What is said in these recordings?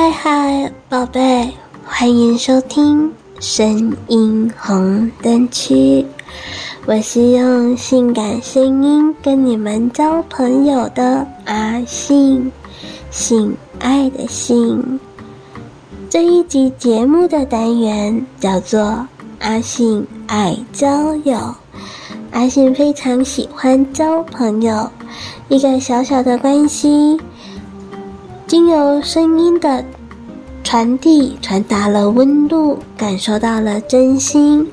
嗨嗨，Hi, Hi, 寶貝，歡迎收聽聲音紅燈區。我是用性感聲音跟你們交朋友的阿性，性愛的性。這一集節目的單元叫做阿性愛交友。阿性非常喜歡交朋友，一個小小的關心。經由聲音的傳遞，傳達了溫度，感受到了真心，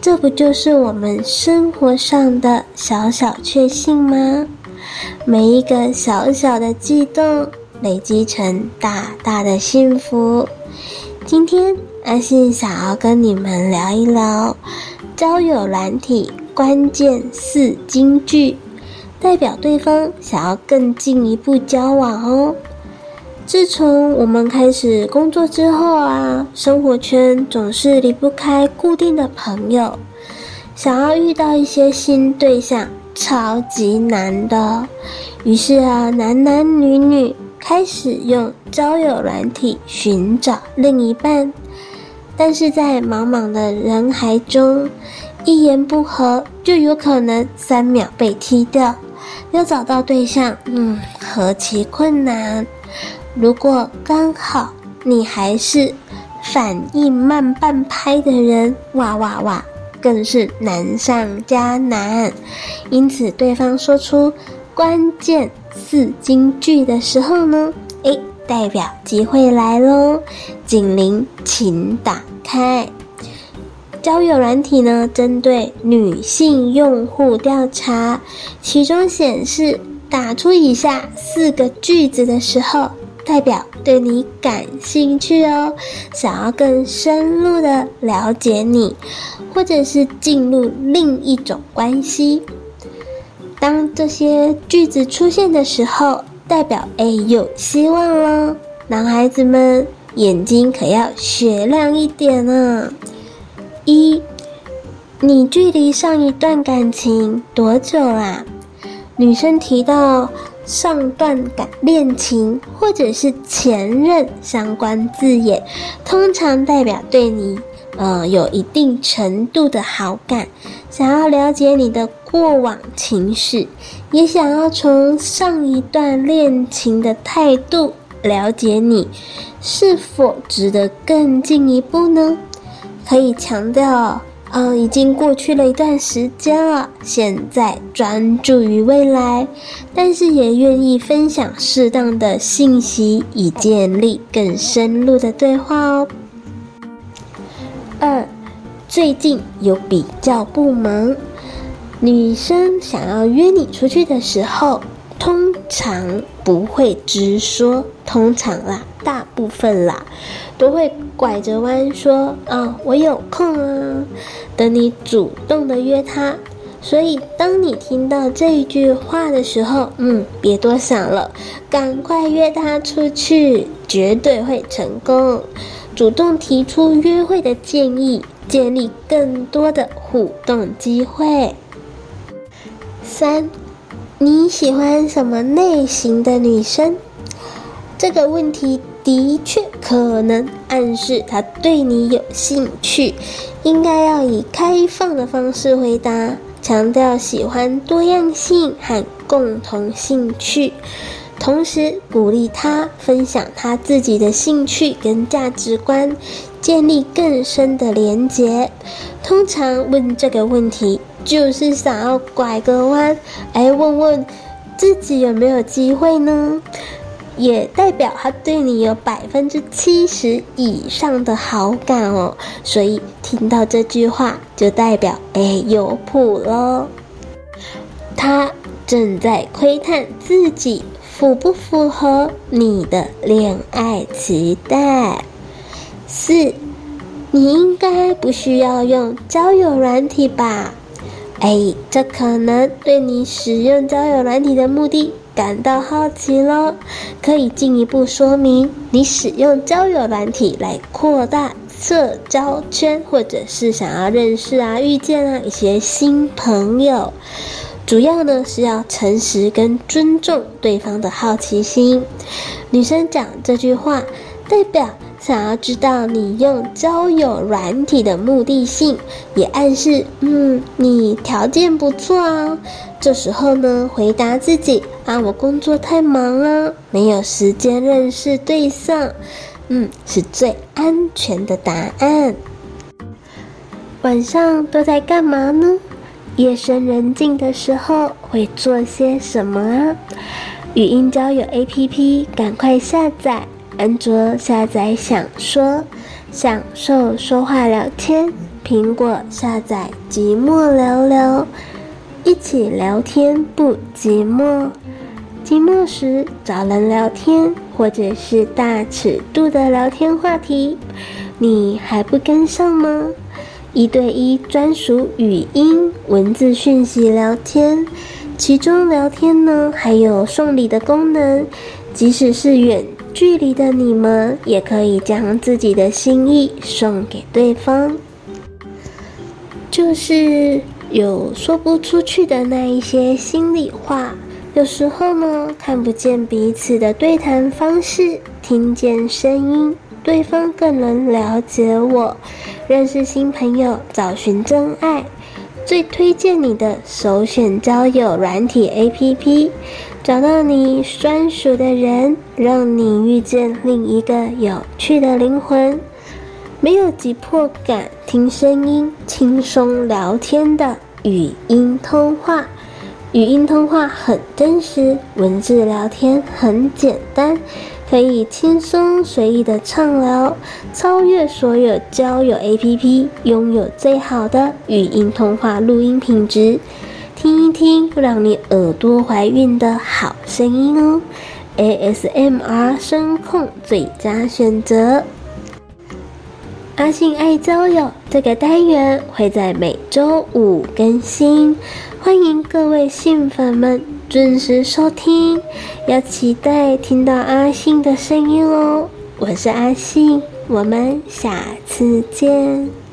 這不就是我們生活上的小小確幸嗎？每一個小小的悸動，累積成大大的幸福。今天阿性想要跟你們聊一聊，交友軟體關鍵四金句，代表對方想要更進一步交往哦。自從我們開始工作之後啊，生活圈總是離不開固定的朋友，想要遇到一些新對象，超級難的哦。於是啊，男男女女開始用交友軟體尋找另一半，但是在茫茫的人海中，一言不合就有可能三秒被踢掉，要找到對象，嗯，何其困難。如果剛好你還是反應慢半拍的人，哇哇哇，更是難上加難。因此，對方說出關鍵四金句的時候呢，哎，代表機會來嘍！警鈴請打開。交友軟體呢，針對女性用戶調查，其中顯示打出以下四個句子的時候，代表對你感興趣哦，想要更深入的了解你，或者是進入另一種關係。當這些句子出現的時候，代表哎、欸、有希望了。男孩子們眼睛可要雪亮一點啊、哦！一，你距離上一段感情多久啦、啊？女生提到。上段感情或者是前任相關字眼，通常代表對你，呃，有一定程度的好感，想要了解你的過往情緒，也想要從上一段戀情的態度了解你，是否值得更進一步呢？可以強調哦。嗯、哦，已經過去了一段時間了，現在專注於未來，但是也願意分享適當的信息，以建立更深入的對話哦。二，最近有比較不忙，女生想要約你出去的時候，通常不會直說，通常啦，大部分啦。都會拐着彎說啊、哦，我有空啊，等你主動的約他。所以當你聽到這一句話的時候，嗯，別多想了，趕快約他出去，絕對會成功。主動提出約會的建議，建立更多的互動機會。三，你喜歡什麼類型的女生？這個問題。的確，可能暗示他對你有興趣，應該要以開放的方式回答，強調喜歡多樣性和共同興趣，同時鼓勵他分享他自己的興趣跟價值觀，建立更深的連結。通常問這個問題，就是想要拐個彎，來問問自己有沒有機會呢？也代表他對你有百分之七十以上的好感哦，所以聽到這句話就代表哎，有譜嘍。他正在窺探自己符不符合你的戀愛期待。四，你應該不需要用交友軟體吧？哎，這可能對你使用交友軟體的目的。感到好奇了，可以進一步說明你使用交友軟體來擴大社交圈，或者是想要認識啊、遇見啊一些新朋友。主要呢是要誠實跟尊重對方的好奇心。女生講這句話，代表。想要知道你用交友軟體的目的性，也暗示，嗯，你條件不錯啊。這時候呢，回答自己啊，我工作太忙了，沒有時間認識對象，嗯，是最安全的答案。晚上都在幹嘛呢？夜深人靜的時候會做些什麼啊？語音交友 APP，趕快下載。安卓下載享說，享受說話聊天；蘋果下載寂寞聊聊，一起聊天不寂寞。寂寞時找人聊天，或者是大尺度的聊天話題，你還不跟上嗎？一對一專屬語音、文字訊息聊天，其中聊天呢還有送禮的功能，即使是遠。距離的你們也可以將自己的心意送給對方，就是有說不出去的那一些心裡話。有時候呢，看不見彼此的對談方式，聽見聲音，對方更能了解我。認識新朋友，找尋真愛，最推薦你的首選交友軟體 APP。找到你專屬的人，讓你遇見另一個有趣的靈魂。沒有急迫感，聽聲音，輕鬆聊天的語音通話。語音通話很真實，文字聊天很簡單，可以輕鬆隨意的暢聊，超越所有交友 APP，擁有最好的語音通話錄音品質。聽一聽，讓你耳朵懷孕的好聲音哦！ASMR 聲控最佳選擇。阿性愛交友這個單元會在每周五更新，歡迎各位性粉們準時收聽，要期待聽到阿性的聲音哦！我是阿性，我們下次見。